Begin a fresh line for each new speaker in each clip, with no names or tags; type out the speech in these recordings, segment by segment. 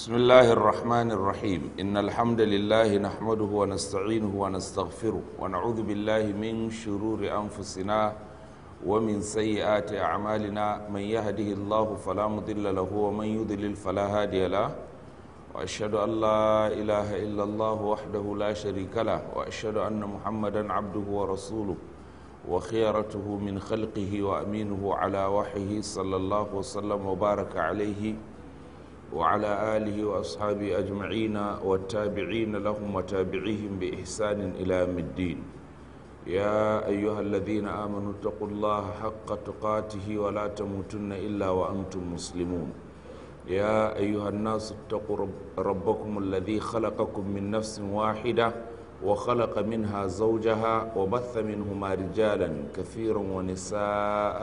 بسم الله الرحمن الرحيم إن الحمد لله نحمده ونستعينه ونستغفره ونعوذ بالله من شرور أنفسنا ومن سيئات أعمالنا من يهده الله فلا مضل له ومن يضلل فلا هادي له وأشهد أن لا إله إلا الله وحده لا شريك له وأشهد أن محمدا عبده ورسوله وخيرته من خلقه وأمينه على وحيه صلى الله وسلم وبارك عليه وعلى آله وأصحابه أجمعين والتابعين لهم وتابعيهم بإحسان إلى يوم الدين يا أيها الذين آمنوا اتقوا الله حق تقاته ولا تموتن إلا وأنتم مسلمون يا أيها الناس اتقوا رب ربكم الذي خلقكم من نفس واحدة وخلق منها زوجها وبث منهما رجالا كثيرا ونساء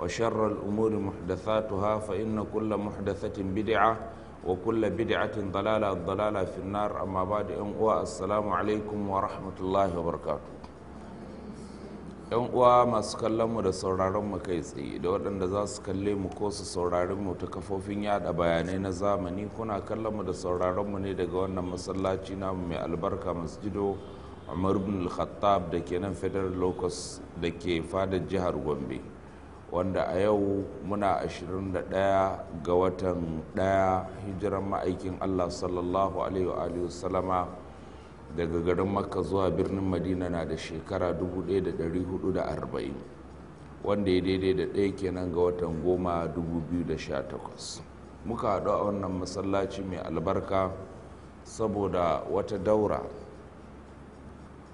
وشر الأمور محدثاتها فإن كل محدثة بدعة وكل بدعة ضلالة ضلالة في النار أما بعد أنقوى السلام عليكم ورحمة الله وبركاته uwa masu kallon mu da sauraron mu kai tsaye da waɗanda za su kalle mu ko su sauraron mu ta kafofin yada bayanai na zamani kuna kallon mu da sauraron mu ne daga wannan masallaci namu mai albarka masjido umar ibn al da ke nan federal locus da ke fada jihar gombe wanda a yau muna 21 ga watan 1 hijiran ma'aikin allah sallallahu alaihi wasallama daga garin makka zuwa birnin madina na da shekara 1440 wanda ya daidai da ɗaya kenan ga watan 10 2018 muka haɗu a wannan masallaci mai albarka saboda wata daura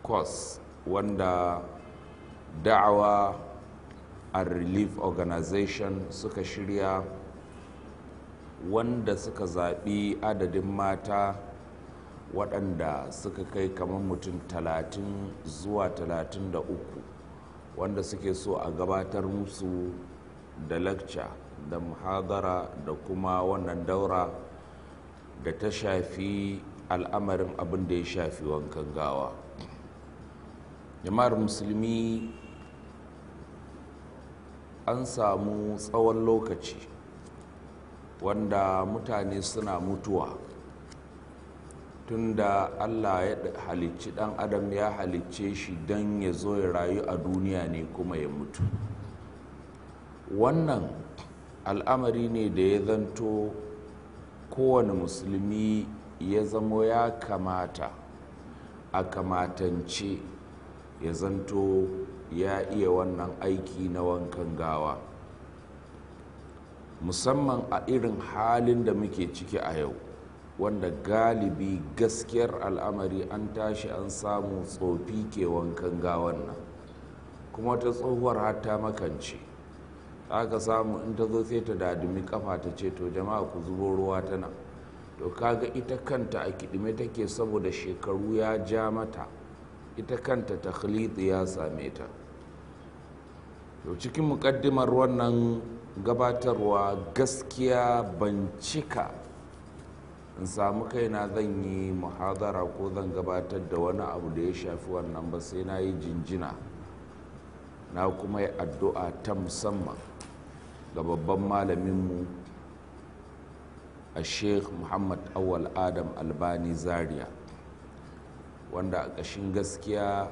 kwas wanda da'awa and relief organization suka shirya wanda suka zaɓi adadin mata waɗanda suka kai kamar mutum talatin zuwa talatin da uku wanda suke so a gabatar musu da lecture da muhadara da kuma wannan daura da ta shafi al'amarin abin da ya shafi wankan gawa jama'ar musulmi an samu tsawon lokaci wanda mutane suna mutuwa tunda allah ya halicci dan adam ya halicce shi don ya zo ya rayu a duniya ne kuma ya mutu wannan al'amari ne da ya zanto kowane musulmi ya zamo ya kamata a kamatance ya zanto ya iya wannan aiki na wankan gawa musamman a irin halin da muke ciki a yau wanda galibi gaskiyar al'amari an tashi an samu tsofi ke wankan gawan nan kuma ta tsohuwar hatta makance aka samu in ta zo sai ta dadumi kafa ta ce to jama'a ku zubo ruwa ta nan to kaga ita kanta a kidime take saboda shekaru ya ja mata ita kanta takhlidi ya same ta to cikin mukaddimar wannan gabatarwa gaskiya ban cika in samu kaina zan yi muhadara ko zan gabatar da wani abu da ya shafi wannan ba sai na yi jinjina na kuma yi addu'a ta musamman ga babban malaminmu a sheikh muhammad awal adam albani zaria wanda a ƙashin gaskiya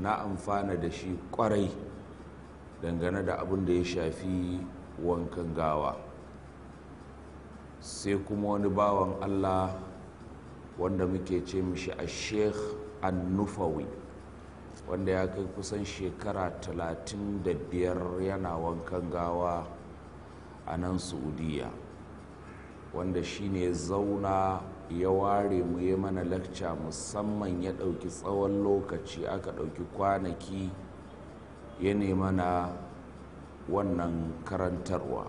na amfana da shi kwarai dangane da abin da ya shafi wankan gawa sai kuma wani bawan allah wanda muke ce mishi a sheikh annufawi wanda ya kai kusan shekara talatin da 35 yana wankan gawa a nan saudiya wanda shi ne zauna ya ware mu ya mana lakca musamman ya ɗauki tsawon lokaci aka ɗauki kwanaki ya mana wannan karantarwa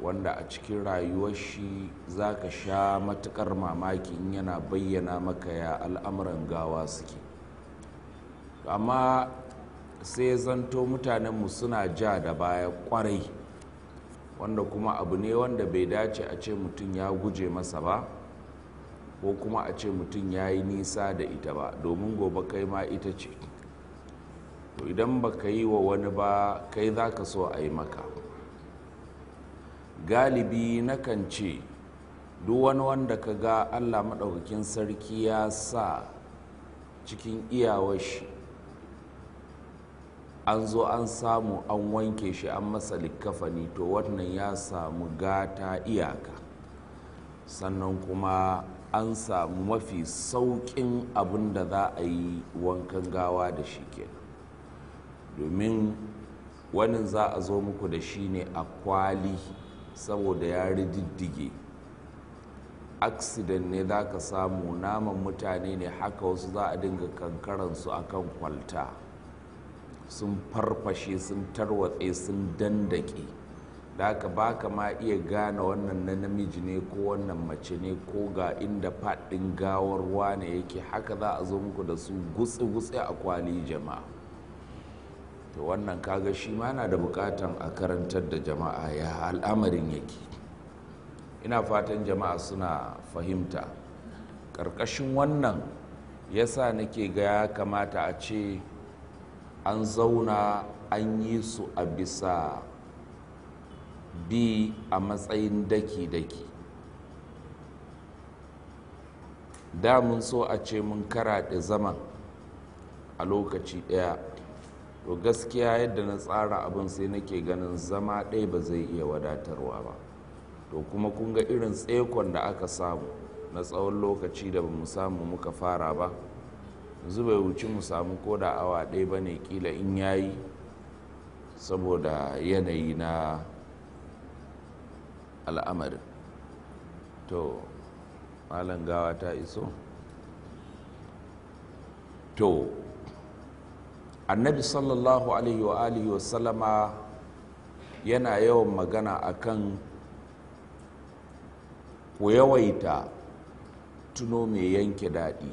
wanda a cikin rayuwar shi za ka sha matuƙar mamakin yana bayyana maka ya al'amuran gawa suke amma sai ya zanto mutanenmu suna ja da baya kwarai wanda kuma abu ne wanda bai dace a ce mutum ya guje masa ba ko kuma a ce mutum ya yi nisa da ita ba domin gobe kai ma ita ce to idan ba ka yi wa wani ba kai za ka so a yi maka galibi nakan ce duk wani wanda ka ga allah maɗaukakin sarki ya sa cikin iyawar shi an zo an samu an wanke shi an masa likkafani to wannan ya samu gata iyaka sannan kuma an samu mafi saukin abin da za a yi wankan gawa da shi kenan domin wani za a zo muku da shi ne a kwali saboda ya rididdige accident ne za ka samu naman mutane ne haka wasu za a dinga kankaransu kan kwalta sun farfashe sun tarwatse sun dandake da haka ba ka ma iya gane wannan na namiji ne ko wannan mace ne ko ga inda faɗin gawar wane yake haka za a zo muku da su gutsi-gutsi a kwali jama'a to wannan kaga shi ma na da bukatan a karantar da jama'a ya al'amarin yake ina fatan jama'a suna fahimta ƙarƙashin wannan ya sa nake ga ya kamata a ce an zauna an yi su a bisa bi a matsayin daki-daki da mun so a ce mun karaɗe zaman a lokaci ɗaya to gaskiya yadda na tsara abin sai nake ganin zama ɗaya ba zai iya wadatarwa ba to kuma kun ga irin tsekon da aka samu na tsawon lokaci da mu samu muka fara ba zuba wuce mu samu ko da awa ɗaya ba ne ƙila in yayi saboda yanayi na al'amarin to malam gawa ta iso to annabi sallallahu alaihi wa alihi wa sallama yana yawan magana akan ku yawaita tuno mai yanke daɗi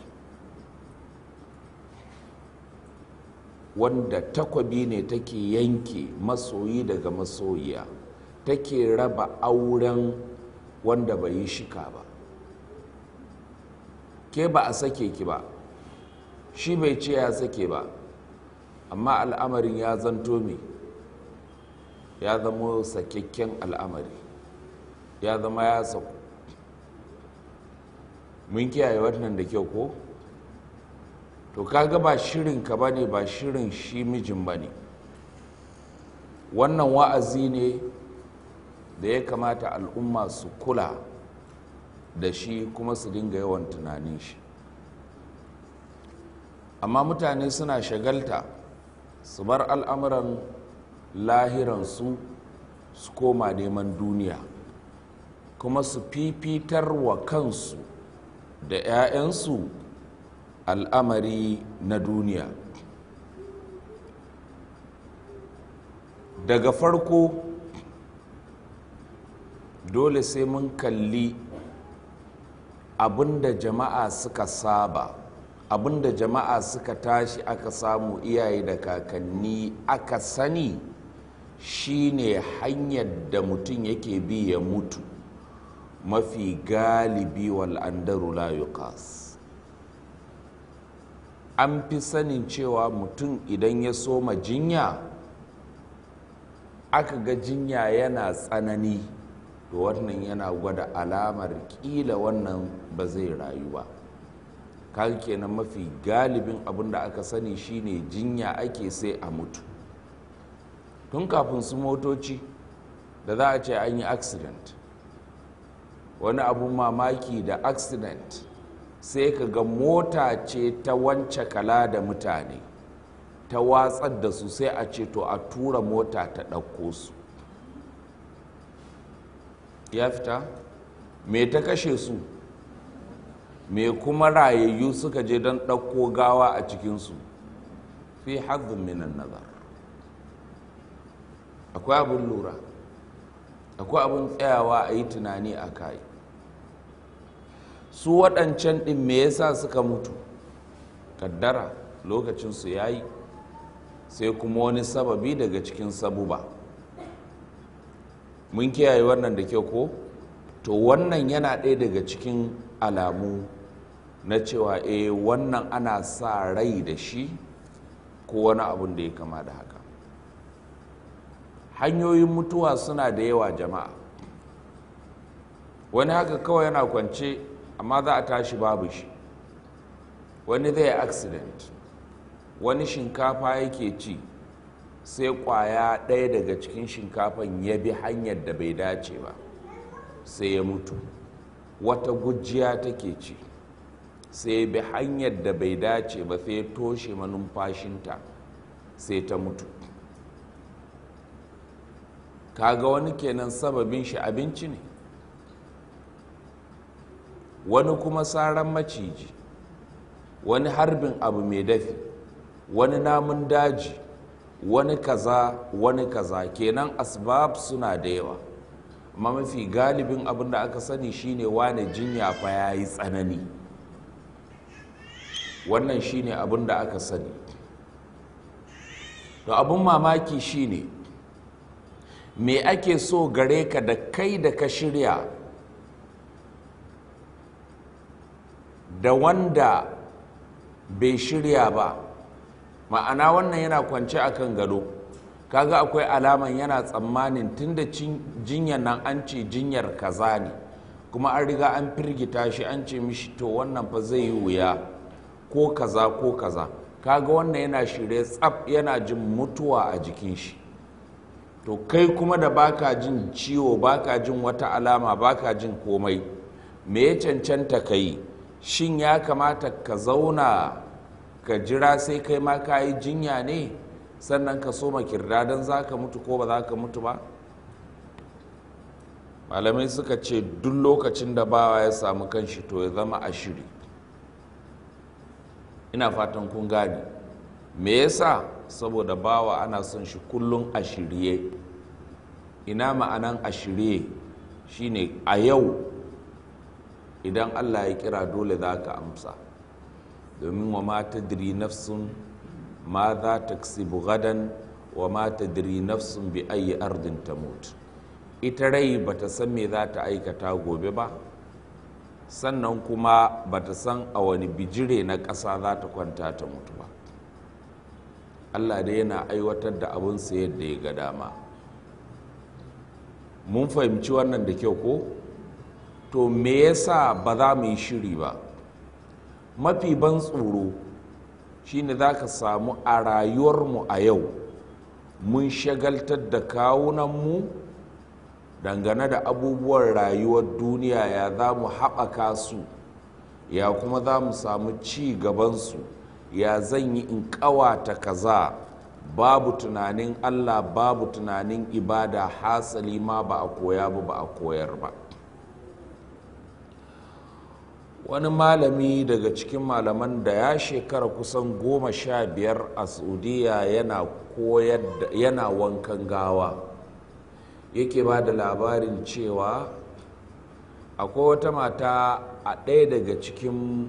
wanda takwabi ne take yanke masoyi daga masoyiya take raba auren wanda bai yi shika ba ke ba a sake ki ba shi bai ce ya sake ba amma al'amarin ya zanto mai ya zama sakakken al'amari ya zama ya saku mun kiyaye wannan da kyau ko to kaga ba shirin ka bane ba shirin shi mijin bane wannan wa'azi ne da ya kamata al'umma su kula da shi kuma su dinga yawan tunanin shi amma mutane suna shagalta su bar al'amuran lahiransu su koma neman duniya kuma su fifitar wa kansu da 'ya'yansu al'amari na duniya daga farko dole sai mun kalli abinda jama'a suka saba abinda jama'a suka tashi aka samu iyaye da kakanni aka sani shine hanyar da mutum yake bi ya mutu mafi galibi wal'andaru la yuqas an fi sanin cewa mutum idan ya soma jinya aka ga jinya yana tsanani to wannan yana gwada alamar kila wannan ba zai rayu ba kaga kenan mafi galibin abin da aka sani shine jinya ake sai a mutu tun kafin su motoci da za a ce an yi accident wani abun mamaki da accident sai ka ga mota ce ta wance kala da mutane ta watsar da su sai a ce to a tura mota ta ɗauko su ya fita me ta kashe su me kuma rayayyu suka je don ɗauko gawa a cikinsu fi haddun minan nazar akwai abin lura akwai abin tsayawa a yi tunani a kai su waɗancan ɗin me yasa suka mutu kaddara lokacinsu ya yi sai kuma wani sababi daga cikin sabu ba. mun kiyaye wannan da kyau ko to wannan yana ɗaya daga cikin alamu na cewa eh wannan ana sa rai da shi ko wani abun da ya kama da haka hanyoyin mutuwa suna da yawa jama'a wani haka kawai yana kwance amma za a tashi babu shi wani zai accident wani shinkafa yake ci sai kwaya ɗaya daga cikin shinkafan ya bi hanyar da bai dace ba sai ya mutu wata gujiya take ci sai ya bi hanyar da bai dace ba sai ya toshe manumfashinta sai ta mutu kaga wani kenan sababin shi abinci ne wani kuma saran maciji wani harbin abu mai dafi wani namun daji wani kaza wani kaza kenan asbab suna da yawa amma mafi galibin abin da aka sani shine wane jinya fa ya yi tsanani wannan shine abin da aka sani to abin mamaki shine me ake so gare ka da kai da ka shirya da wanda bai shirya ba ma'ana wannan yana kwance a kan gado kaga akwai alaman yana tsammanin tunda jinyar nan an ce jinyar kaza ne kuma an riga an firgita shi an ce mishi to wannan fa zai yi wuya ko kaza ko kaza kaga wannan yana shirye tsaf yana jin mutuwa a jikin shi to kai kuma da baka jin ciwo baka jin wata alama baka jin komai me ya cancanta ka shin ya kamata ka zauna ka jira sai kai ma ka yi jinya ne sannan ka so kirda don za ka mutu ko ba za ka mutu ba malamai suka ce duk lokacin da bawa ya samu kanshi to ya zama ashiri ina fatan kun gane me yasa saboda bawa ana son shi kullum ashirye ina ma'anan ashirye shine a yau idan allah ya kira dole za ka amsa domin wa ma diri nafsun ma za ta gadan wa ma diri nafsun bi ayi ardin mutu ita rai ba ta san me za ta aikata gobe ba sannan kuma ba ta san a wani bijire na ƙasa za ta kwanta ta mutu ba allah da yana aiwatar da abinsa yadda ya ga dama mun fahimci wannan da kyau ko to me yasa ba za mu yi shiri ba mafi ban tsoro shine za ka samu a rayuwarmu a yau mun shagaltar da kawunanmu dangane da abubuwan rayuwar duniya ya za mu haɓaka su ya kuma za mu samu ci gabansu ya zan yi in ƙawata kaza babu tunanin allah babu tunanin ibada hasali ma ba a koya ba ba a koyar ba wani malami daga cikin malaman da ya shekara kusan goma sha biyar a saudiya yana wankan gawa yake ba da labarin cewa akwai wata mata a ɗaya daga cikin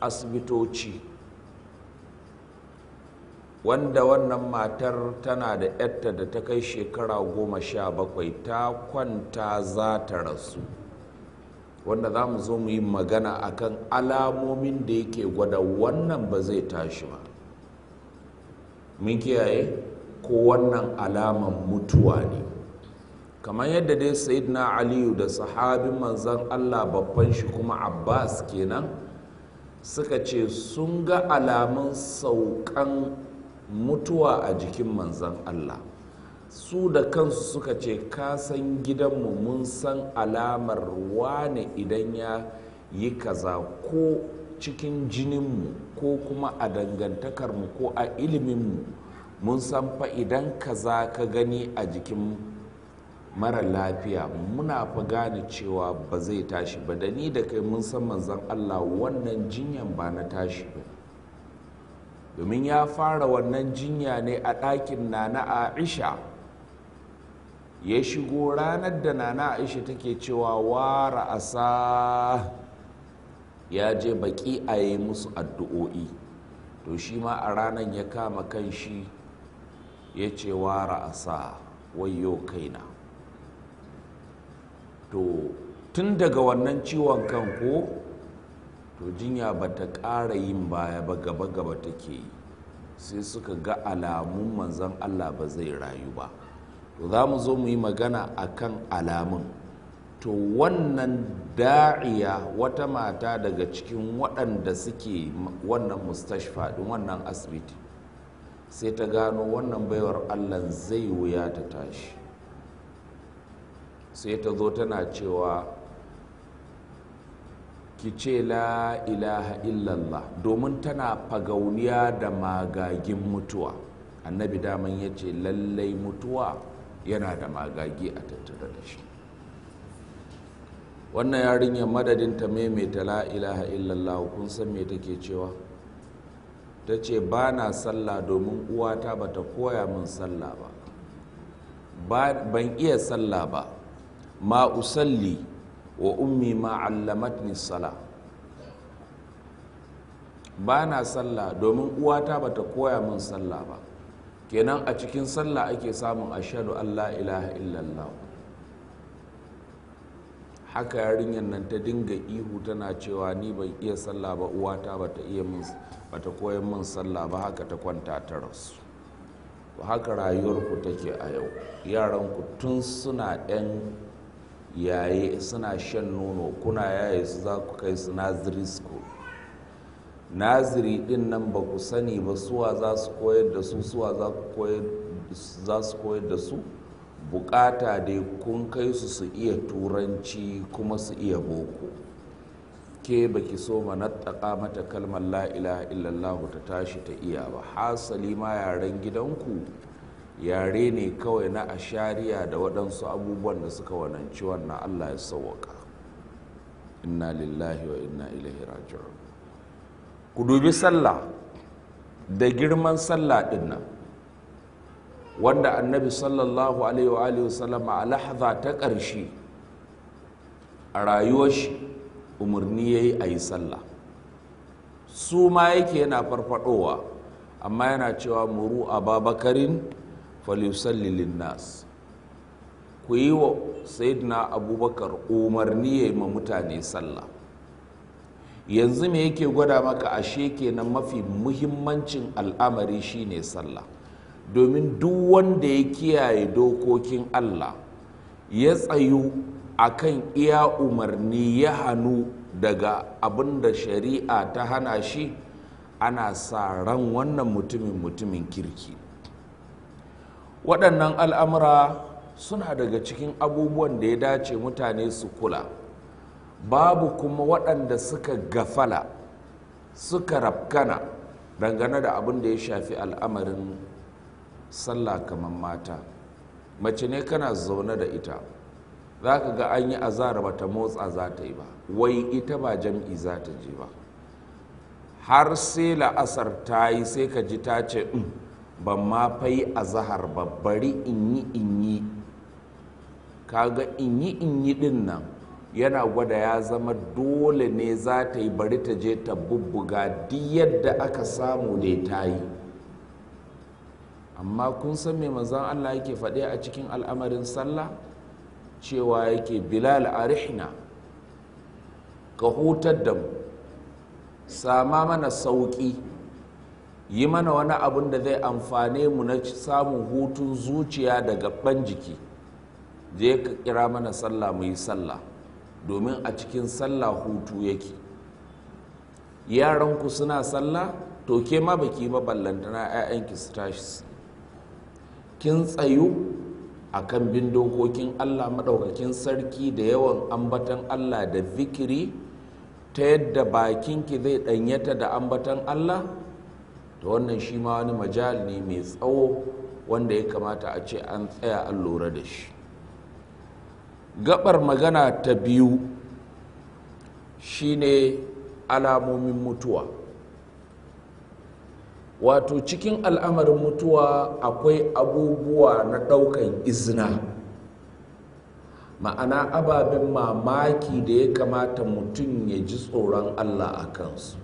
asibitoci wanda wannan matar tana da 'yatta da ta kai shekara goma sha bakwai ta kwanta za ta rasu wanda za mu zo mu yi magana akan alamomin da yake gwada wannan ba zai tashi ba mun kiyaye ko wannan alaman mutuwa ne kamar yadda dai na aliyu da sahabin manzan allah babban shi kuma abbas kenan suka ce sun ga alamun saukan mutuwa a jikin manzan allah su da kansu suka ce ka san gidanmu mun san alamar wane idan ya yi kaza ko cikin jininmu ko kuma a dangantakarmu ko a iliminmu mun san fa idan kaza ka gani a jikin mara lafiya muna fa gane cewa ba zai tashi ba da ni da kai mun san manzan allah wannan jinyan ba na tashi ba domin ya fara wannan jinya ne a ɗakin na na aisha ya shigo ranar da nana aisha take cewa wara asa ya je baki a yi musu addu'o'i to shi ma a ranar ya kama kan shi ya ce wara asa wayo kaina to tun daga wannan ciwon kan ko to jinya ba ta ƙara yin baya ba gaba-gaba take yi sai suka ga alamun manzan allah ba zai rayu ba to za mu zo mu yi magana a kan alamun to wannan da'iya wata mata daga cikin waɗanda suke wannan mustashfa ɗin wannan asibiti sai ta gano wannan baiwar allah zai wuya ta tashi sai ta zo tana cewa ki ce la ilaha illallah domin tana fagauniya da magagin mutuwa annabi daman ya ce lallai mutuwa yana da magagi a tattare da shi wannan yarinyar madadin ta maimaita la ilaha illallah kun san me take cewa ta ce ba na sallah domin uwata ba ta koya min sallah ba ban iya sallah ba ma usalli wa ummi ma allamat ni sallah ba na sallah domin uwata ba ta koya min sallah ba kenan a cikin sallah ake samun ashadu allah ilaha illallah haka yarinyar nan ta dinga ihu tana cewa ni ban iya sallah ba uwata bata iya min bata koyan min sallah ba haka ta kwanta ta rasu haka rayuwarku take a yau yaranku tun suna yan yaye suna shan nono kuna yaye su za ku kai su nazari school naziri din nan ba ku sani ba suwa za su koyar da su suwa za su koyar da su bukata dai kun kai su su iya turanci kuma su iya boko ke baki so manattaka mata kalmar la'ila illallah ta tashi ta iya ba hasali ma yaren gidanku yare ne kawai na ashariya da waɗansu abubuwan da suka wananci wannan allah ya sauwaka inna lillahi wa inna ilaihi raji'un ku dubi sallah da girman sallah din nan wanda annabi sallallahu alaihi wa alihi wasallama a lahza ta ƙarshe a rayuwar shi umarni yayi a yi sallah su ma yake yana farfadowa amma yana cewa muru ababakarin falisalli nas ku yi wa sayyidina abubakar umarni ya yi ma mutane sallah yanzu me yake gwada maka ashe na mafi muhimmancin al'amari shine sallah domin duk wanda ya kiyaye dokokin Allah ya tsayu akan iya umarni ya hannu daga abin da shari'a ta hana shi ana sa ran wannan mutumin mutumin kirki waɗannan al'amura suna daga cikin abubuwan da ya dace mutane su kula babu kuma waɗanda suka gafala suka rafkana dangane da abin da ya shafi al'amarin sallah kamar mata mace ne kana zaune da ita za ka ga an yi azara ba ta motsa za ta yi ba wai ita ba jam'i za ta je ba har sai la'asar ta yi sai ka ji ta ce mm, ban ma fai a zahar babbari in yi in yi kaga inyi yi in din nan yana gwada ya zama dole ne za ta yi bari ta je ta bubbuga duk yadda aka samu da ta yi amma kun san me manzan Allah yake faɗi a cikin al'amarin sallah cewa yake bilal arihna ka hutar da mu sama mana sauƙi yi mana wani abun da zai amfane mu na samun hutun zuciya da gaban jiki je ka kira mana sallah mu yi sallah domin a cikin sallah hutu yake yaranku suna sallah to ke ma baki ba ballantana 'ya'yanki su tashi kin tsayu a kan bin dokokin Allah maɗaukakin sarki da yawan ambatan Allah da zikiri ta yadda bakinki zai ɗanyata da ambatan Allah ta wannan shi ma wani majal ne mai tsawo wanda ya kamata a ce an tsaya an lura da shi gabar magana ta biyu shine alamomin mutuwa wato cikin al'amarin mutuwa akwai abubuwa na ɗaukan izina ma'ana ababen mamaki da ya kamata mutum ya ji tsoron allah a kansu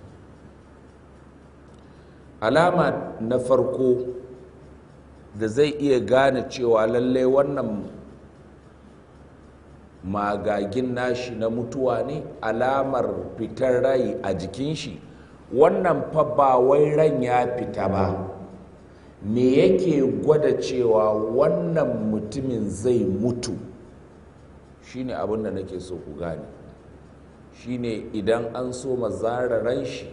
alama na farko da zai iya gane cewa lallai wannan magagin nashi na mutuwa ne alamar fitar rai a jikin shi wannan fa ba wai ran ya fita ba me yake gwada cewa wannan mutumin zai mutu shine abin da nake so ku gane shine idan an so mazara ran shi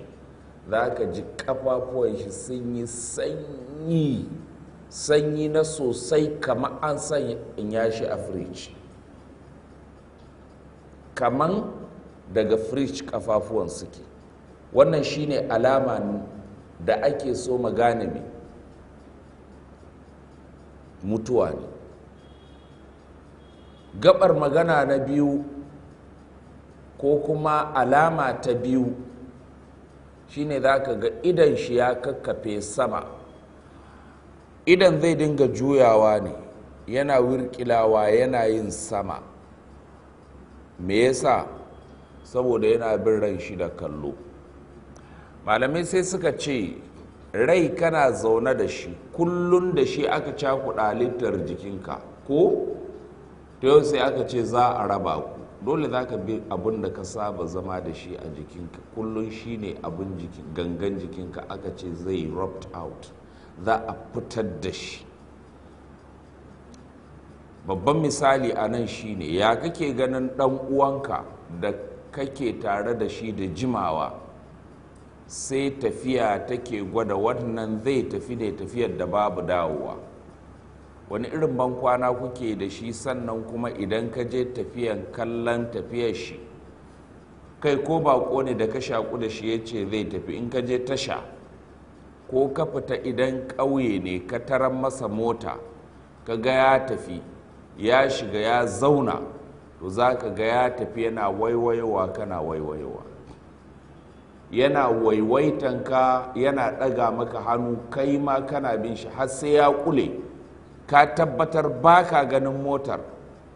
za ka ji kafafuwan shi sun yi sanyi sanyi na sosai kamar an sanya in yashi a firiji kaman daga fridge kafafuwan suke wannan shine alama da ake so magane mai mutuwa ne gabar magana na biyu ko kuma alama ta biyu shine za ka ga idan shi ya kakkafe sama idan zai dinga juyawa ne yana wirkilawa yana yin sama me yasa saboda yana bin ran shi da kallo malamai sai suka ce rai kana zaune da shi kullum da shi aka cakuɗa littar jikinka ko ta yau sai aka ce za a raba ku dole za ka bi abin da ka saba zama da shi a jikinka Kullum shi ne abin gangan jikinka aka ce zai rubbed out za a fitar da shi babban misali a nan shine ya kake ganin ɗan uwanka da kake tare da shi da jimawa sai tafiya take gwada wannan zai tafi da tafiyar da babu dawowa wani irin bankwana kuke da shi sannan kuma idan ka je tafiyan kallon tafiyar shi kai ko bako ne da ka shaku da shi ya ce zai tafi in ka je tasha ko ka fita idan ƙauye ne ka taran masa mota ka ga ya tafi ya shiga ya zauna to za ka ga ya tafi yana waiwayowa kana waiwayowa yana waiwaitanka yana ɗaga maka hannu kai ma kana bin shi har sai ya kule ka tabbatar baka ganin motar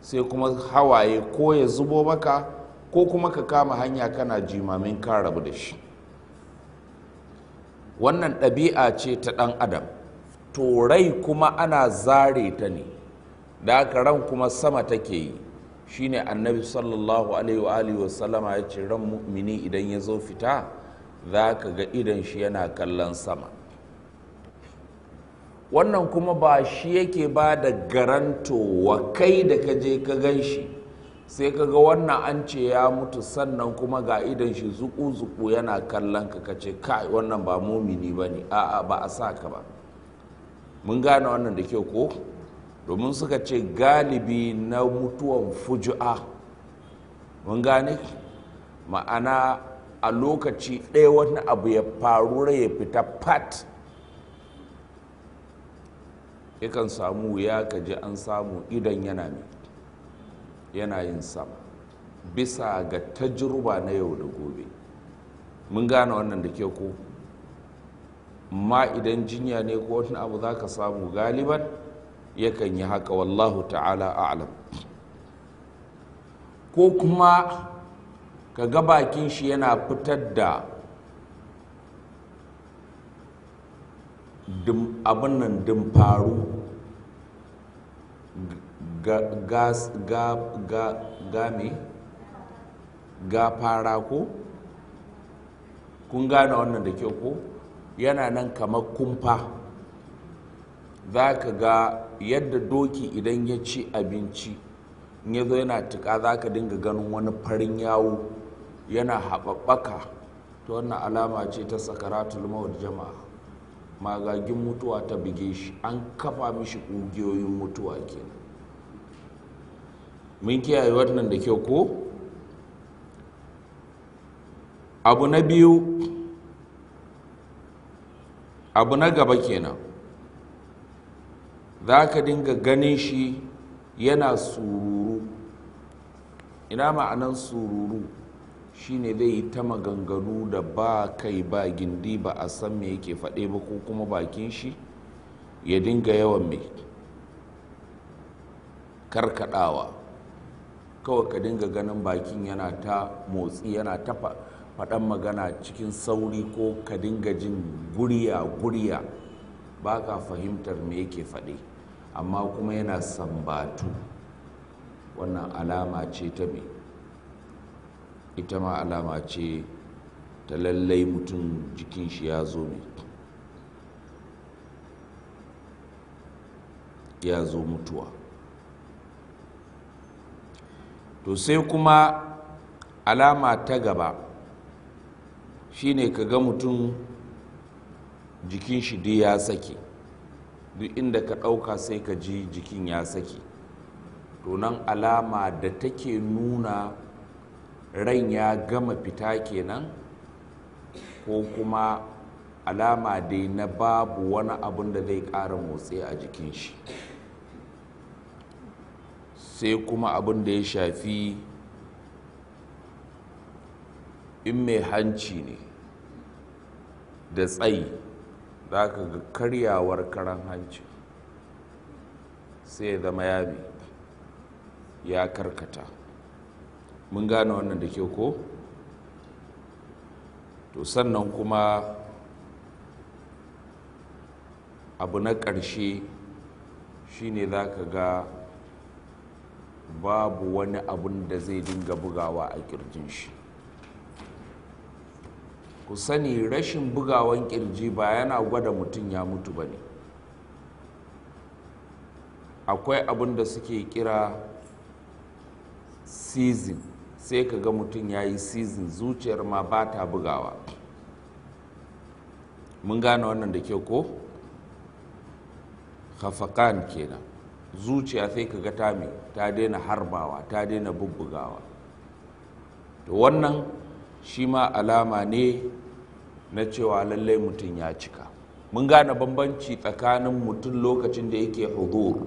sai kuma hawaye ko ya zubo maka ko kuma ka kama hanya kana jimamin ka rabu da shi wannan ɗabi'a ce ta ɗan adam to rai kuma ana zare ta ne da aka ran kuma sama take yi shine annabi sallallahu alaihi wa sallama ya ce ran mu'mini idan ya zo fita za ka ga idan shi yana kallon sama wannan kuma ba shi yake ba da garanto wa kai da ka je ka gan shi sai ka ga wannan an ce ya mutu sannan kuma ga idan shi zuku-zuku yana kallon ka ka ce kai wannan ba mumini ba ne a'a ba a sa ka ba mun gane wannan da kyau ko domin suka ce galibi na mutuwan fuju'a mun gane ma'ana a lokaci ɗaya wani abu ya faru ya fita pat yakan samu ya kaji an samu idan yana ne yana yin sama bisa ga tajruba na yau da gobe mun gane wannan da ke ko ma idan jinya ne ko wani abu za ka samu galiban yakan yi haka wallahu ta'ala a'lam ko kuma ka ga bakin shi yana fitar da abin nan dimfaru ga me ga fara ko kun gane wannan da kyau ko yana nan kamar kumfa za ka ga yadda doki idan ya ci abinci ya zo yana tuka za ka dinga ganin wani farin yawo yana haɓaɓɓaka ta wannan alama ce ta sakaratul mawar jama'a magagin mutuwa ta bige shi an kafa mishi ƙugiyoyin mutuwa kenan mun kiyaye wannan da kyau ko abu na biyu abu na gaba kenan za ka dinga ganin shi yana sururu ina ma'anan sururu shine zai yi ta maganganu da ba kai ba gindi ba a san me yake faɗe ba ko kuma bakin shi ya dinga yawan mai karkadawa kawai ka dinga ganin bakin yana ta motsi yana ta faɗan magana cikin sauri ko ka dinga jin guriya guriya ba ka fahimtar me yake faɗe amma kuma yana sambatu wannan alama ce ta mai ita ma alama ce ta lallai mutum jikin shi ya zo mai ya zo mutuwa to sai kuma alama ta gaba shine ka ga mutum jikin shi dai ya sake duk inda ka ɗauka sai ka ji jikin ya saki to nan alama da take nuna ran ya gama fita kenan ko kuma alama dai na babu wani abun da zai ƙara motsi a jikin shi sai kuma abun da ya shafi in mai hanci ne da tsayi za ka ga karyawar karan hanci sai ya zama yami ya karkata mun gane wannan da ke ko to sannan kuma abu na ƙarshe shine za ka ga babu wani abun da zai dinga bugawa a ƙirjin shi ku sani rashin bugawan kirji ba yana gwada mutum ya mutu ba ne akwai abin da suke kira season sai ka ga mutum ya yi season zuciyar ma ba ta bugawa mun gane wannan da kyau ko hafakan kenan zuciya sai ka ga ta ta daina harbawa ta daina bubbugawa to wannan shi ma alama ne na cewa lallai mutum ya cika mun gane bambanci tsakanin mutum lokacin da yake hudur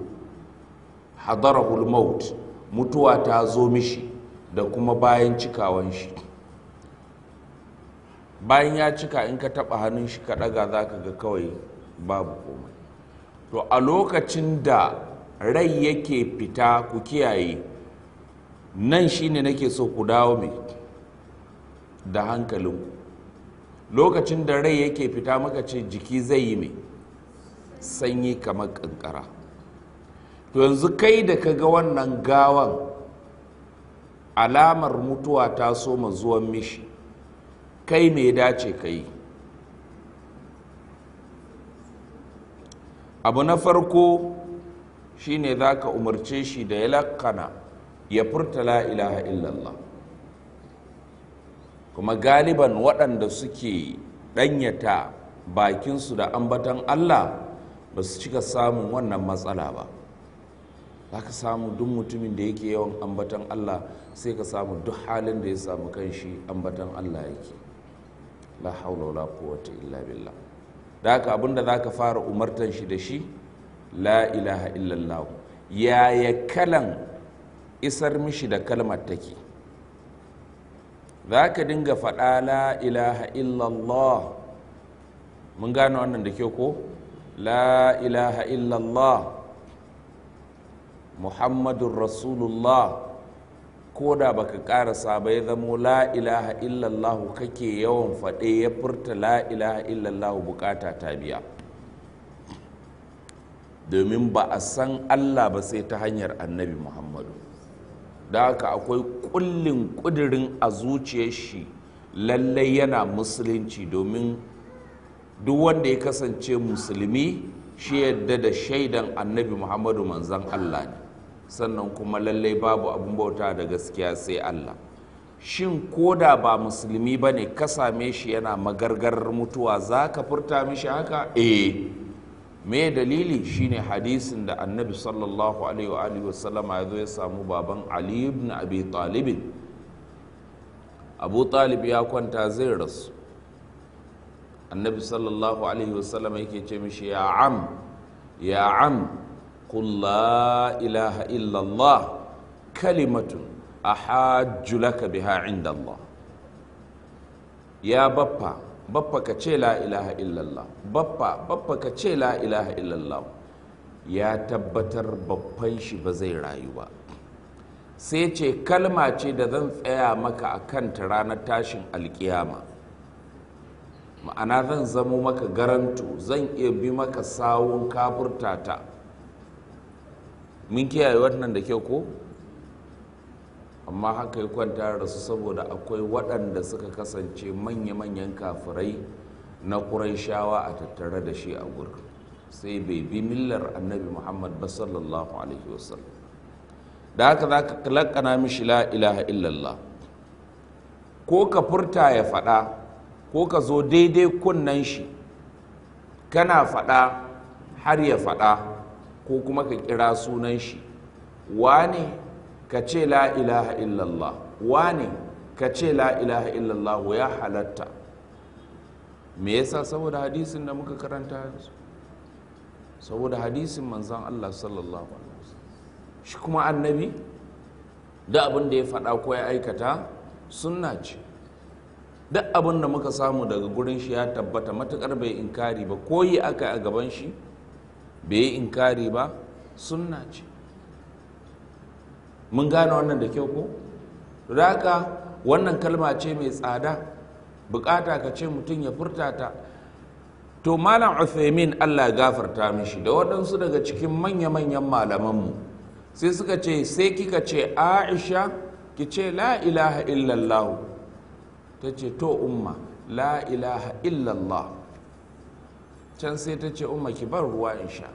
hadarahul maut mutuwa ta zo mishi da kuma bayan cikawan shi bayan ya cika in ka taba hannun shi ka daga za ka ga kawai babu komai to a lokacin da rai yake fita ku kiyaye nan shine nake so ku dawo mai da hankalinku lokacin da rai yake fita maka ce jiki zai yi mai sanyi kamar kankara to yanzu kai da ka ga wannan gawan alamar mutuwa ta soma zuwan mishi kai mai dace ka yi abu na farko shine za ka umarce shi da ya lakana ya furta la ilaha illallah kuma galiban waɗanda suke ɗanyata bakinsu da ambatan Allah ba su cika samun wannan matsala ba za ka samu duk mutumin da yake yawan ambatan Allah sai ka samu duk halin da ya samu kanshi ambatan Allah yake la haula wala quwwata illa billah da haka abinda za ka fara umartan shi da shi la ilaha illallah yaya kalan isar mishi da kalmar take za ka dinga faɗa la ilaha illallah mun gane wannan da ke ko la ilaha illallah muhammadun rasulullah ko da baka karasa ba ya zamo la ilaha illallah kake yawan faɗe ya furta la ilaha illallah bukata ta biya domin ba a san allah ba sai ta hanyar annabi muhammadu da haka akwai kullin kudirin a zuciyar shi lallai yana musulunci domin duk wanda ya kasance musulmi shi yadda da shaidan annabi muhammadu manzan allah ne sannan kuma lallai babu abin bauta da gaskiya sai allah shin ko da ba musulmi ba ne ka same shi yana magargarar mutuwa za ka furta mishi haka eh me dalili shine hadisin da annabi sallallahu alaihi wa sallama ya zo ya samu baban ali ibn abi talibin abu talib ya kwanta zai rasu annabi sallallahu alaihi wa sallama yake ce mishi ya am ya am qul la ilaha illallah kalimatun ahajju laka biha inda allah ya baffa baffa ka ce la ilaha illallah baffa baffa ka ce la ilaha illallah ya tabbatar babban shi ba zai rayu ba sai ce kalma ce da zan tsaya maka a kanta ranar tashin alkiyama ma'ana zan zamo maka garantu zan iya bi maka sawun kafurtata mun kiyaye wannan da kyau ko amma haka ya kwanta da su saboda akwai waɗanda suka kasance manya-manyan kafirai na ƙuraishawa a tattare da shi a gurin sai bai bi millar annabi muhammad ba sallallahu alaihi da haka za ka kalakana mishi la ilaha illallah ko ka furta ya faɗa ko ka zo daidai kunnen shi kana faɗa har ya faɗa ko kuma ka kira sunan shi wane ka ce la ilaha illallah wani ka ce la ilaha illallah ya halatta me yasa saboda hadisin da muka karanta saboda hadisin manzan Allah sallallahu alaihi wasallam shi kuma annabi da abin da ya faɗa ko ya aikata sunna ce duk abin da muka samu daga gurin shi ya tabbata matukar bai inkari ba koyi aka a gaban shi bai yi inkari ba sunna ce mun gane wannan da kyau ko raka wannan kalma ce mai tsada bukata ka ce mutum ya furta ta to malam uthaymin allah gafarta mishi da waɗansu daga cikin manya-manyan malamanmu sai suka ce sai kika ce aisha ki ce la ilaha illallah ta ce to umma la ilaha illallah can sai ta ce umma ki bar ruwa in sha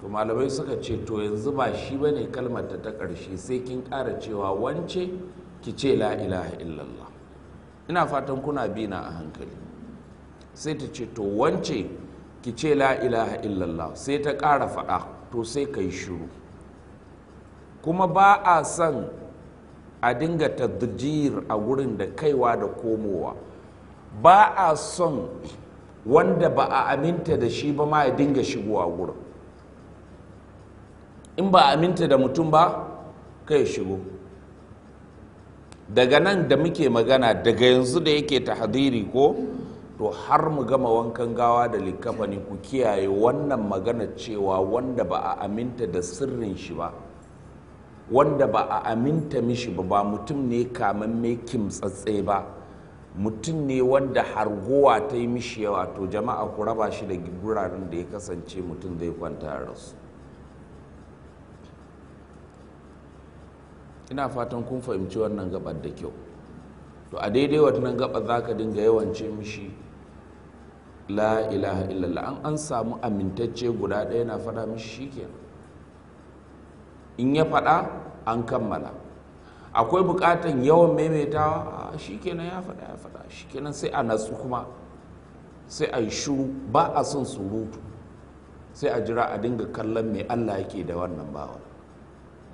to malamai suka ce to yanzu ba shi ba ne kalmar ta ta ƙarshe sai kin ƙara cewa wance ki ce la ilaha illallah ina fatan kuna bina a hankali sai ta ce to wance ki ce la ilaha illallah sai ta ƙara faɗa to sai ka yi shiru kuma ba a son a dinga tadjir a gurin da kaiwa da komowa ba a son wanda ba a aminta da shi ba ma ya dinga shigowa gurin in ba a aminta da mutum ba kai shigo daga nan da muke magana daga yanzu da yake ta hadiri ko to har mu gama wankan gawa da likafani ku kiyaye wannan magana cewa wanda ba a aminta da sirrin shi ba wanda ba a aminta mishi ba ba mutum ne kaman mai kimtsatse ba mutum ne wanda hargowa ta yi mishi yawa to jama'a ku raba shi da guraren da ya kasance mutum zai kwanta rasu ina fatan kun fahimci wannan gabar da kyau to a daidai wannan gabar za ka dinga yawance mishi la ilaha illallah an an samu amintacce guda ɗaya na faɗa mishi shikenan in ya faɗa an kammala akwai bukatan yawan maimaitawa shikenan ya faɗa ya faɗa shikenan sai a natsu kuma sai a yi shuru ba a son surutu sai a jira a dinga kallon mai allah yake da wannan bawan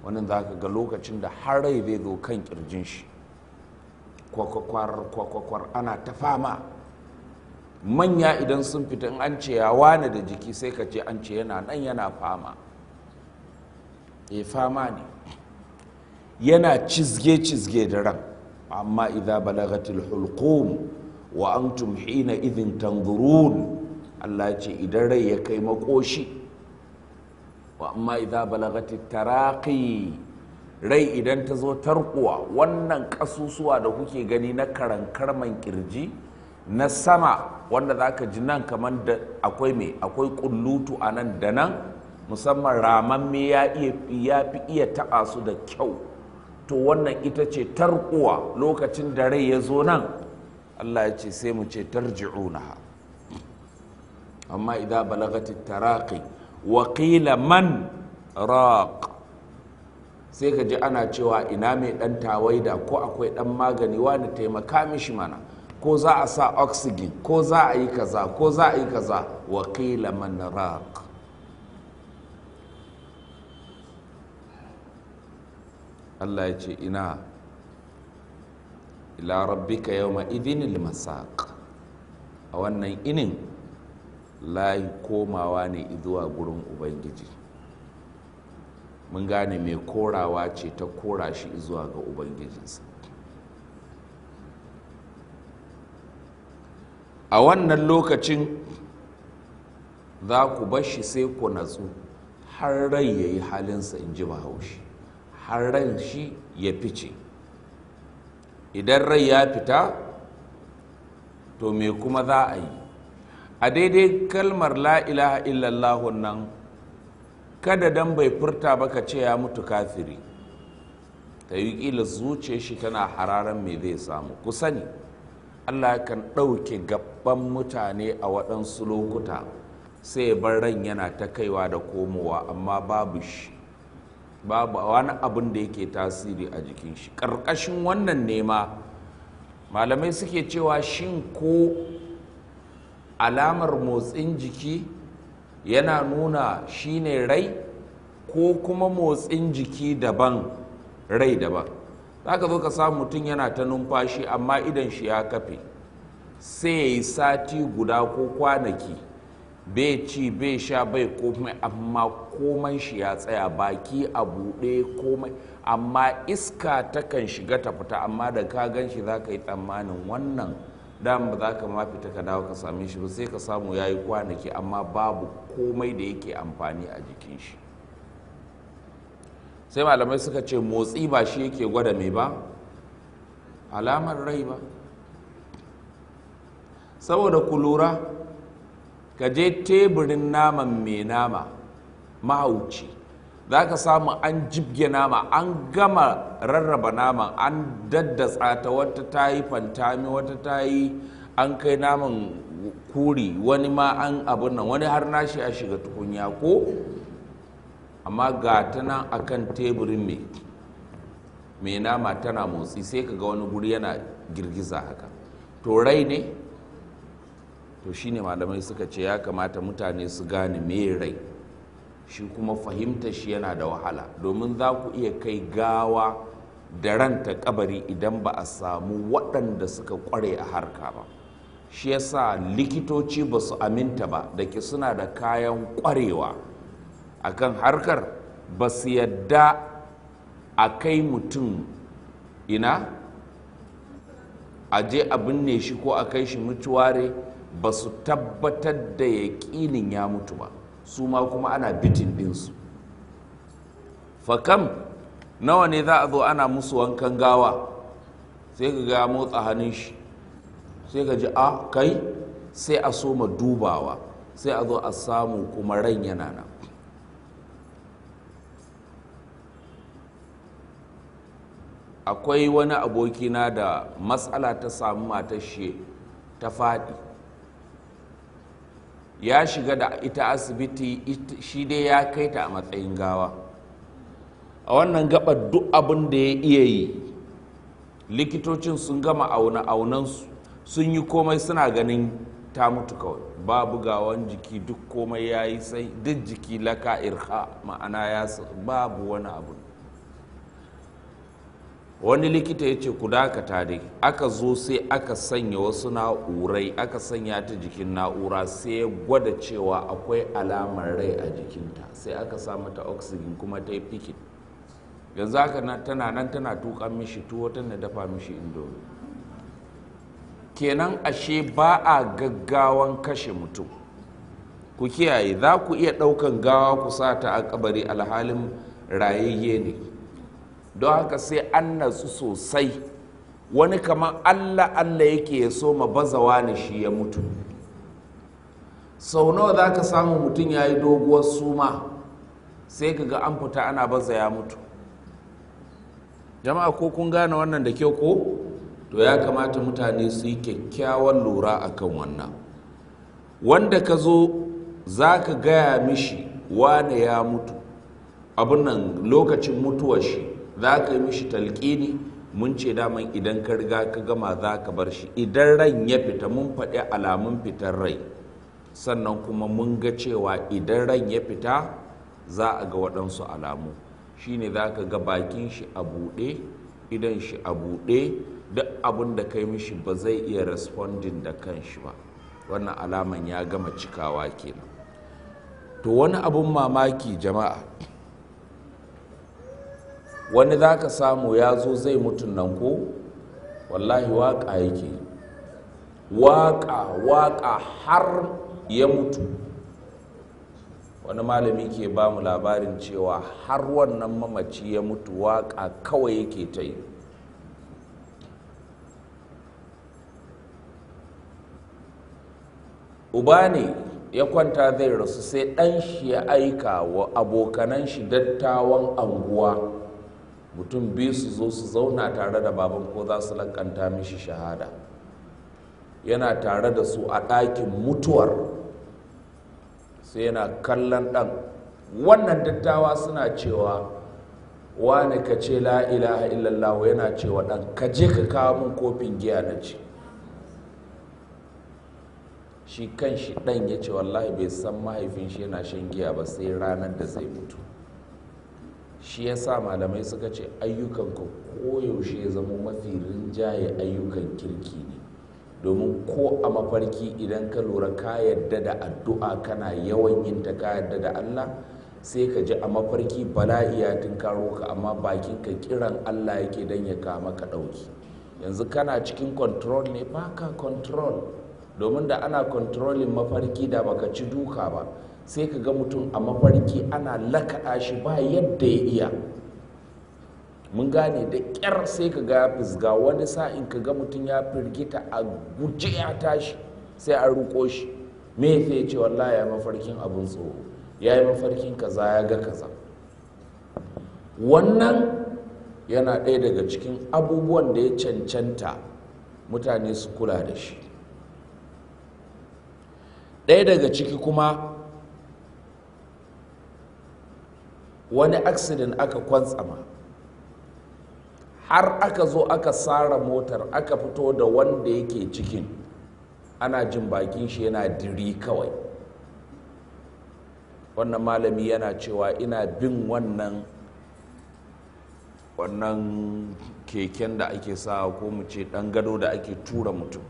wannan za ka ga lokacin da har rai zai zo kan kirjin shi kwakwakwar ana ta fama manya idan sun fita in an ce ya wane da jiki sai ka ce an ce yana nan yana fama e fama ne yana cizge-cizge da ran amma idza balagatil hulqum wa antum hina idhin tanzurun Allah ce idan rai ya kai makoshi wa amma idza balagati taraqi rai idan ta zo tarkuwa wannan kasusuwa da kuke gani na karankarman kirji na sama wanda zaka ji nan kamar da akwai mai akwai kullutu a nan da nan musamman ramamme ya fi iya taɓa su da kyau to wannan ita ce tarkuwa lokacin da rai ya zo nan Allah ya ce sai mu ce tarji'una amma idan balagati taraqi waƙila man raq sai ka ji ana cewa ina mai ɗan tawaida ko akwai ɗan magani wani taimaka mishi mana ko za a sa oxygen ko za a yi kaza ko za a yi kaza waƙila man raq Allah ya ce ina ila rabbika yawma idhinil masaq a wannan inin layi komawa ne zuwa gurin ubangiji mun gane mai korawa ce ta kora shi zuwa ga ubangijinsa a wannan lokacin za ku bar sai ku natsu har rai ya yi halinsa in ji bahaushe har rai shi ya fice idan rai ya fita to me kuma za a yi a daidai kalmar la ilaha illallah nan kada dan bai furta ba ka ce ya mutu kafiri ta yi ƙila zuce shi tana hararan mai zai samu ku sani allah kan ɗauke gabban mutane a waɗansu lokuta sai bar ran yana ta kaiwa da komowa amma babu shi babu wani abin da yake tasiri a jikin shi ƙarƙashin wannan nema malamai suke cewa shin ko alamar motsin jiki yana nuna shine rai ko kuma motsin jiki daban rai daban zaka zo ka samu mutum yana ta numfashi amma idan shi ya kafe sai ya yi sati guda ko kwanaki bai ci bai sha bai komai amma komai shi ya tsaya baki a buɗe komai amma iska takan shiga ta fita amma da ka gan shi za ka yi tsammanin wannan dama ba za ka ma fita ka dawo ka same shi ba sai ka samu ya yi kwanaki amma babu komai da yake amfani a jikin shi sai malamai suka ce motsi ba shi yake gwada mai ba alamar rai ba saboda ku lura ka je teburin naman mai nama mahauci za ka samu an jibge nama an gama rarraba nama an daddatsa ta wata ta yi fantami wata ta yi an kai naman kuri wani ma an abin nan wani har nashi a shiga tukunya ko amma ga ta nan a kan teburin mai mai nama tana motsi sai ka ga wani guri yana girgiza haka to rai ne to shine malamai suka ce ya kamata mutane su gane mai rai shi kuma fahimta shi yana da wahala domin za ku iya kai gawa da ranta kabari idan ba a samu waɗanda suka kware a harka ba shi yasa likitoci ba su aminta ba da ke suna da kayan kwarewa a kan harkar ba su yadda a kai mutum ina a je a binne shi ko a kai shi mutuware ba su tabbatar da yaƙinin ya mutu ba su ma kuma ana bitin ɗinsu fakam nawa ne za a zo ana musu wankan gawa sai ka ga motsa hannun shi sai ka ji a kai sai a soma dubawa sai a zo a samu kuma ran yana nan akwai wani abokina da matsala ta samu matar ta faɗi ya shiga da ita asibiti shi dai ya kai ta a matsayin gawa a wannan gabar duk abin da ya iya yi likitocin sun gama auna aunansu sun yi komai suna ganin ta mutu kawai ba bugawan jiki duk komai ya yi sai duk jiki laka irha ma'ana ya babu wani abu wani likita ya ce ku dakata dai aka zo sai aka sanya wasu na'urai aka sanya ta jikin na'ura sai ya gwada cewa akwai alamar rai a jikinta sai aka sa mata oxygen kuma ta yi fikin yanzu haka tana nan tana tukan mishi tuwo tana dafa mishi indomi kenan ashe ba a gaggawan kashe mutum ku kiyaye za ku iya ɗaukan gawa ku sa ta a kabari alhalin rayayye ne don haka sai an natsu sosai wani kamar allah allah yake ya so ma bazawa ne shi ya mutu sau nawa za ka samu mutum ya yi doguwar suma sai ka ga an fita ana baza ya mutu jama'a ko kun gane wannan da kyau ko to ya kamata mutane su yi kyakkyawan lura akan wannan wanda ka zo za ka gaya mishi wane ya mutu abin nan lokacin mutuwar shi za ka yi mishi talƙini mun ce daman idan ka riga ka gama za ka bar shi idan ran ya fita mun faɗi alamun fitar rai sannan kuma mun ga cewa idan ran ya fita za a ga waɗansu alamu Shi ne za ka ga bakin shi a buɗe idan shi a buɗe duk abin da ka yi mishi ba zai iya responding da kan shi ba wannan alaman ya gama cikawa kenan to wani abun mamaki jama'a wani za ka samu ya zo zai mutun nan ko wallahi waƙa yake waƙa waƙa har ya mutu wani malami ke ba mu labarin cewa har wannan mamaci ya mutu waƙa kawai yake ta yi uba ne ya kwanta zai rasu sai ɗan shi ya aika wa abokanan shi dattawan anguwa mutum biyu su zo su zauna tare da baban ko za su lankanta mishi shahada yana tare da su a ɗakin mutuwar sai yana kallon ɗan wannan dattawa suna cewa wani ka ce la ilaha illallah yana cewa ɗan ka je ka kawo min kofin giya na ce shi kan shi ɗan ya ce wallahi bai san mahaifin shi yana shan giya ba sai ranar da zai mutu shi ya sa malamai suka ce ayyukanku koyaushe ya zama mafi rinjaye ayyukan kirki ne domin ko a mafarki idan ka lura ka yadda da addu'a kana yawan yin ta ka yadda da allah sai ka ji a mafarki bala'i ya karo ka amma bakin ka kiran allah yake don ya kama ka ɗauki yanzu kana cikin control ne baka control domin da ana controlling mafarki da baka ci duka ba sai ka ga mutum a mafarki ana lakaɗa shi ba yadda ya iya mun gane da ƙyar sai ka ga fisga wani sa'in ka ga mutum ya firgita a guje ya tashi sai an ruko shi me ya ce wallahi ya mafarkin abin tsoro ya yi mafarkin kaza ya ga kaza wannan yana ɗaya daga cikin abubuwan da ya cancanta mutane su kula da shi ɗaya daga ciki kuma wani accident aka kwantsama har aka zo aka tsara motar aka fito da wanda yake cikin ana jin bakin shi yana diri kawai wannan malami yana cewa ina bin wannan wannan keken da ake sa ko mu ce dan gado da ake tura mutum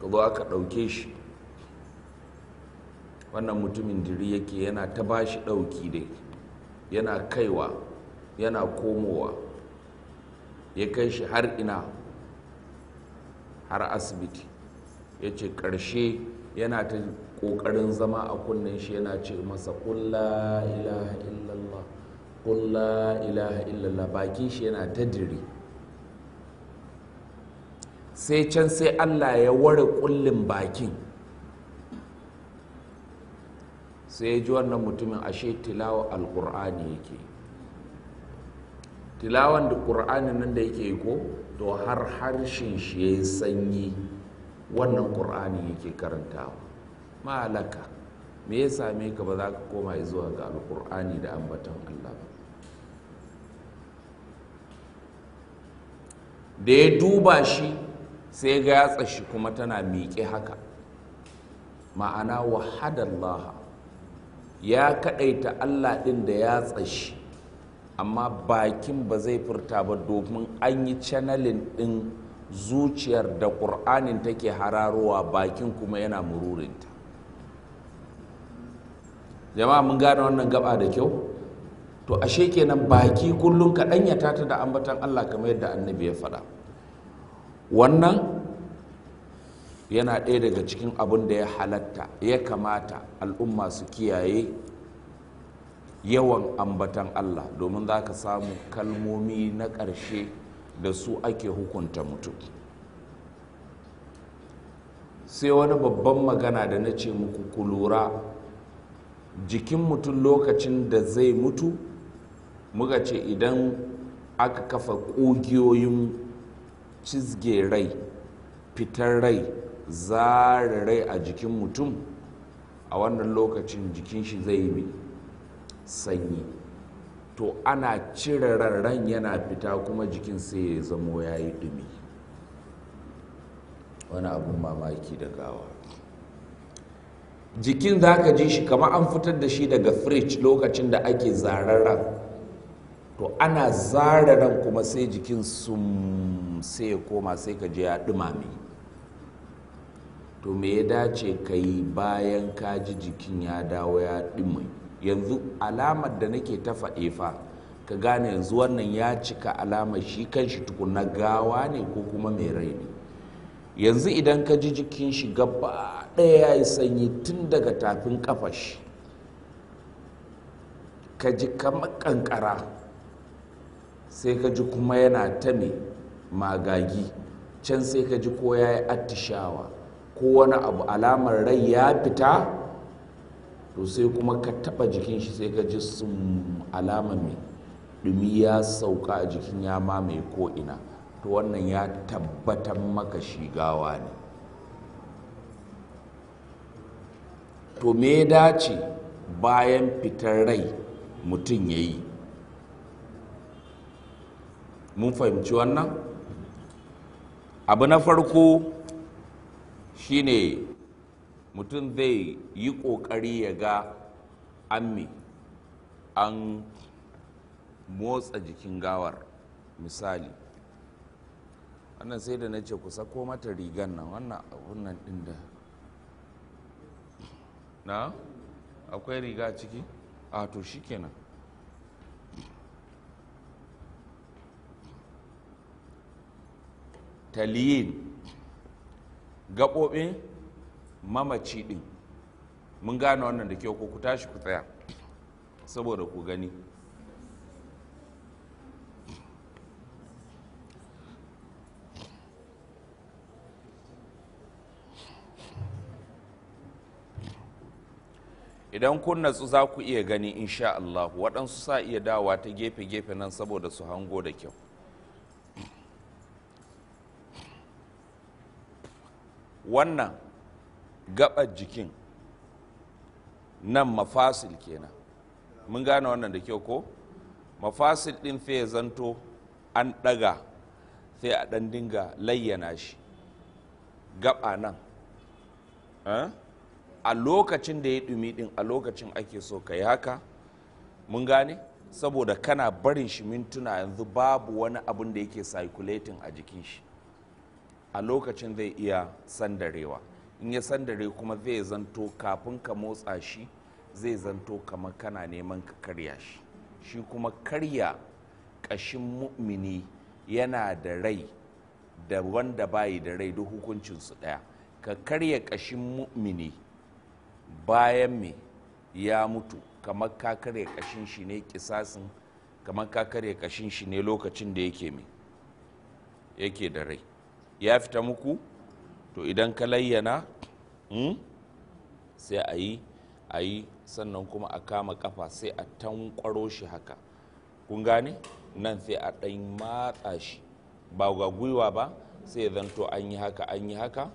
ka zo aka ɗauke shi wannan mutumin diri yake yana ta bashi ɗauki dai yana kaiwa yana komowa ya kai shi har ina har asibiti ya ce ƙarshe yana ta ƙoƙarin zama a kunnen shi yana ce masa ƙulla ilaha illallah ƙulla ilaha illallah baki shi yana ta diri sai can sai allah ya ware ƙullin bakin sai ya ji wannan mutumin ashe tilawa alkur'ani yake tilawan da ƙur'ani nan da yake ko to har harshen shi ya yi sanyi wannan kur'ani yake karantawa malaka me ya same ka ba za ka koma zuwa ga alkur'ani da ambaton allah ba da ya duba shi sai ga yatsa shi kuma tana miƙe haka ma'ana wahadallaha ya kaɗaita Allah ɗin da ya tsashi amma bakin ba zai furta ba domin an yi canalin ɗin zuciyar da ƙur'anin take hararowa bakin kuma yana mururinta jama'a mun gane wannan gaba da kyau to ashe kenan baki kullum kaɗan ya tata da ambatan Allah kamar yadda annabi ya faɗa wannan yana ɗaya daga cikin abin da ya halatta ya kamata al'umma su kiyaye yawan ambatan Allah domin za ka samu kalmomi na ƙarshe da su ake hukunta mutum sai wani babban magana da na ce muku ku lura jikin mutum lokacin da zai mutu muka ce idan aka kafa ƙugiyoyin cizge rai fitar rai zara a jikin mutum a wannan lokacin jikin shi zai yi sanyi to ana cire ran yana fita kuma jikin sai ya zamo ya yi dumi wani abin mamaki da gawa jikin za ka ji shi kama an fitar da shi daga fridge lokacin da ake zararren to ana zararren kuma sai jikin sun sai ya koma sai ka je ya dumame to me ya dace ka yi bayan ka ji jikin ya dawo ya ɗimai yanzu alamar da nake ta faɗe fa ka gane yanzu wannan ya cika alamar shi kanshi na gawa ne ko kuma mai rai ne yanzu idan ka ji jikin shi gaba ɗaya ya yi sanyi tun daga tafin ƙafa shi ka ji kamar ƙanƙara sai ka ji kuma yana ta ne magagi can sai ka ji ko ya yi attishawa ko wani abu alamar rai ya fita to sai kuma ka taba jikin shi sai ka ji sun alamar mai dumi ya sauka a jikin ya mamaye ko ina to wannan ya tabbatar maka shigawa ne to me dace bayan fitar rai mutum ya yi mun fahimci wannan abu na farko shine mutum zai yi ƙoƙari ya ga ammi an motsa jikin gawar misali wannan sai da na ce kusa ko mata rigan nan wannan abun nan ɗin da na akwai riga ciki a to shi kenan taliyin gaɓoɓin mamaci ɗin mun gane wannan da kyau ko ku tashi ku tsaya saboda ku gani idan kun natsu za ku iya gani insha Allah waɗansu sa iya dawa ta gefe-gefe nan saboda su hango da kyau wannan gabar jikin nan mafasil kenan mun gane wannan da kyau ko mafasil din fiye zanto an daga sai a dan dinga layyana shi gaba nan eh? a lokacin da ya dumi din a lokacin ake so ka yi haka mun gane saboda kana barin shi mintuna yanzu babu wani abun da yake circulating a jikin shi a lokacin zai iya sandarewa in ya sandare kuma zai zanto kafin ka motsa shi zai zanto kamar kana neman ka karya shi shi kuma karya ƙashin mu'mini yana da rai da wanda bayi da rai duk hukuncinsu ɗaya ka karya ƙashin mu'mini bayan me ya mutu kamar ka karya ƙashin shi ne kisasin kamar ka karya ƙashin shi ne lokacin da yake me yake da rai ya fita muku to idan ka layyana hmm, sai a yi a yi sannan kuma a kama kafa sai a tankwaro shi haka kun gane nan sai a ɗan matsa shi ba ga gwiwa ba sai ya zanto an yi haka an yi haka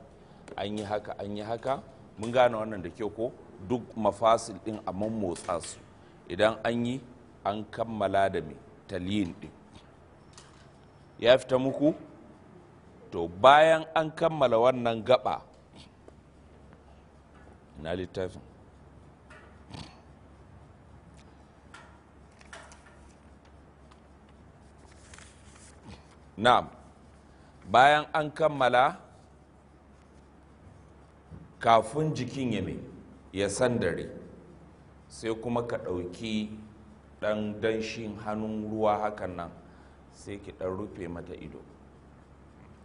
an yi haka an yi haka mun gane wannan da ke ko duk mafasil ɗin a motsa su idan an yi an kammala da mai taliyin ɗin ya fita muku to bayan an kammala wannan gaba na littafin na'am bayan an kammala kafin jikin ya san ya sandare sai kuma ka ɗauki ɗan danshin hannun ruwa hakan nan sai ki ɗan rufe mata ido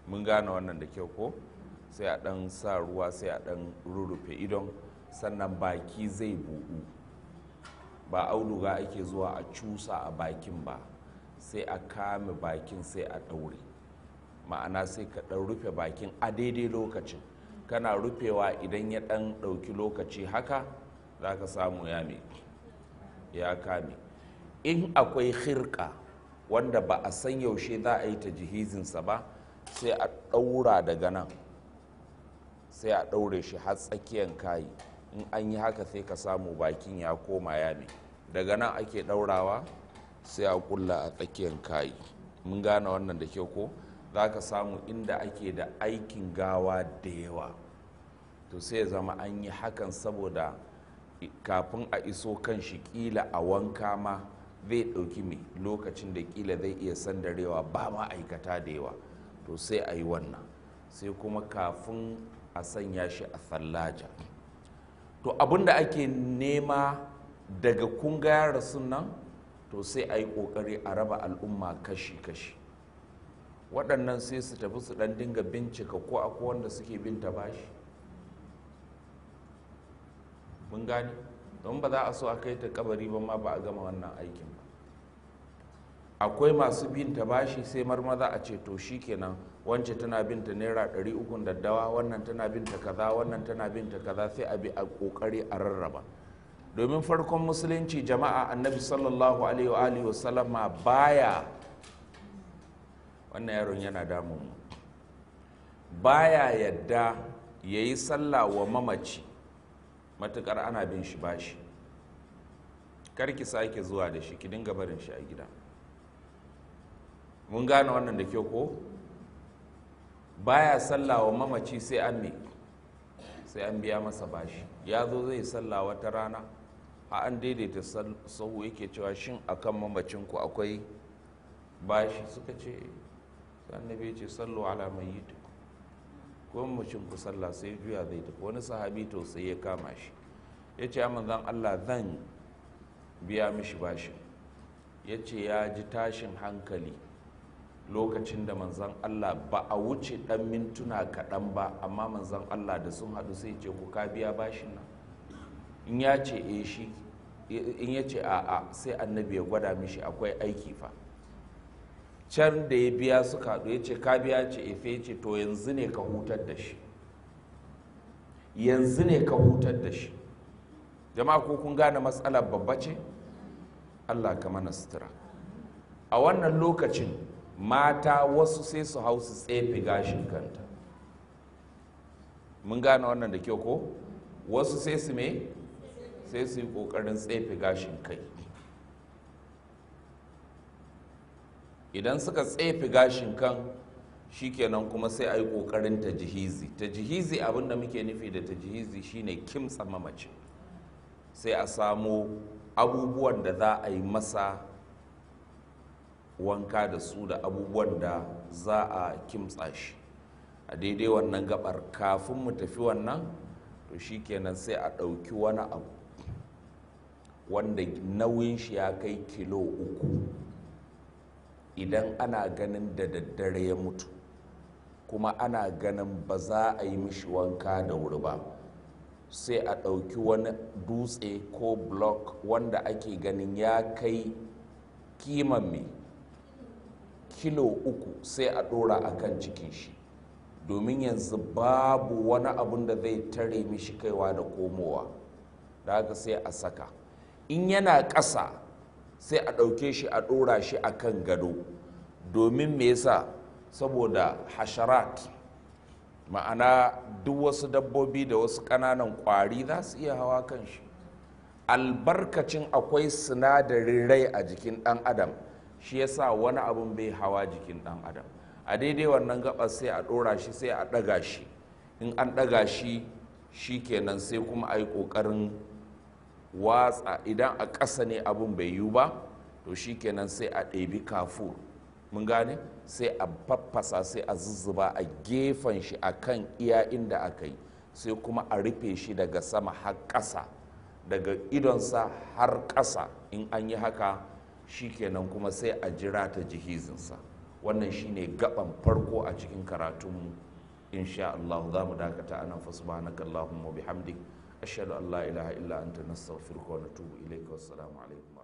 mun gane wannan da kyau ko sai a dan sa ruwa sai a dan rurrufe idon sannan baki zai buɗu ba auduga ake zuwa a cusa a bakin ba sai a kame bakin sai a ɗaure ma'ana sai ka ɗan rufe bakin a daidai lokacin kana rufewa idan ya ɗan ɗauki lokaci haka za ka samu ya ya kame in akwai hirka wanda ba a san yaushe za a yi ta jihizinsa ba sai a ɗaura daga nan sai a ɗaure shi har tsakiyar kayi in an yi haka sai ka samu bakin ya koma ya ne daga nan ake ɗaurawa sai a kulla a tsakiyar kayi mun gane wannan da kyau ko za ka samu inda ake da aikin gawa da yawa to sai zama an yi hakan saboda kafin a iso kan shi ƙila a wanka ma zai ɗauki mai lokacin da kila zai iya sandarewa ba ma'aikata da yawa to sai a yi wannan sai kuma kafin a sanya shi a fallaja to abinda ake nema daga kunga yara nan to sai a yi kokari a raba al'umma kashi-kashi waɗannan sai su tafi su ɗan dinga bincika ko a wanda suke binta bashi mun gane don ba za a so a kai ta kabari ba ma ba a gama wannan aikin akwai masu binta bashi sai marmaza a ce to kenan wance tana binta naira 300 daddawa wannan tana binta kaza wannan tana binta kaza sai a bi a kokari a rarraba domin farkon musulunci jama'a annabi sallallahu alaihi wa alihi wasallama baya wannan yaron yana damun mu baya yadda yayi sallah wa mamaci matukar ana bin shi bashi karki sake zuwa da shi ki dinga barin shi a gida mun gane wannan da kyau ko baya sallawa mamaci sai an ne sai an biya masa bashi ya zo zai sallawa wata rana a an daidaita sahu yake cewa shin akan mamacin ku akwai bashi suka ce annabi ce sallu ala mayyit ko mamacin ku sallah sai juya zai tafi wani sahabi to sai ya kama shi ya ce amma zan Allah zan biya mishi bashi ya ce ya ji tashin hankali lokacin da manzan Allah ba a wuce ɗan mintuna kaɗan ba amma manzan Allah da sun haɗu sai ce ku ka biya bashin nan in ya ce e shi in ya ce a'a sai annabi ya gwada mishi akwai aiki fa can da ya biya suka haɗu ya ce ka biya ce efe eh, ce to yanzu ne ka hutar da shi yanzu ne ka hutar da shi jama'a ko kun gane matsalar babba ce Allah ka mana sutura a wannan lokacin mata wasu sai su hau su tsefe gashin kanta mun gane wannan da kyau ko wasu sai su me sai su yi kokarin tsefe gashin kai idan suka tsefe gashin kan shi shikenan kuma sai a yi kokarin ta jihizi ta jihizi abinda muke nufi da ta jihizi shine kimtsa mamacin sai a samo abubuwan da za a yi masa wanka da su da abubuwan da za a kimtsa shi a daidai wannan gabar kafin mu tafi wannan to shi kenan sai a ɗauki wani abu wanda nauyin shi ya kai kilo uku idan ana ganin da daddare ya mutu kuma ana ganin ba za a yi mishi wanka da wuri ba sai a ɗauki wani dutse ko block wanda ake ganin ya kai kiman mai kilo uku sai a ɗora a kan cikin shi domin yanzu babu wani abun da zai tare mishi kaiwa da komowa da haka sai a saka in yana ƙasa sai a ɗauke shi a ɗora shi a kan gado domin me yasa saboda hasharat ma'ana duk wasu dabbobi da wasu ƙananan ƙwari za su iya hawa kan shi albarkacin akwai sinadarin rai a jikin ɗan adam shi ya sa wani abun bai hawa jikin dan adam a daidai wannan gabas sai a dora shi sai a daga shi in an daga shi shi kenan sai kuma a yi kokarin watsa idan a ƙasa ne abun bai yiwu ba to shi kenan sai a ɗebi kafur mun gane sai a faffasa sai a zuzzuba a gefen shi a kan iya inda aka yi sai kuma a rufe shi daga sama har ƙasa daga idonsa har ƙasa in an yi haka shi kenan kuma sai a jira ta jihizinsa wannan shine gaban farko a cikin karatunmu insha Allah za mu dakata anan fa subhanaka Allahumma bihamdik ashhadu an la ilaha illa anta nastaghfiruka wa natubu ilayka wassalamu alaikum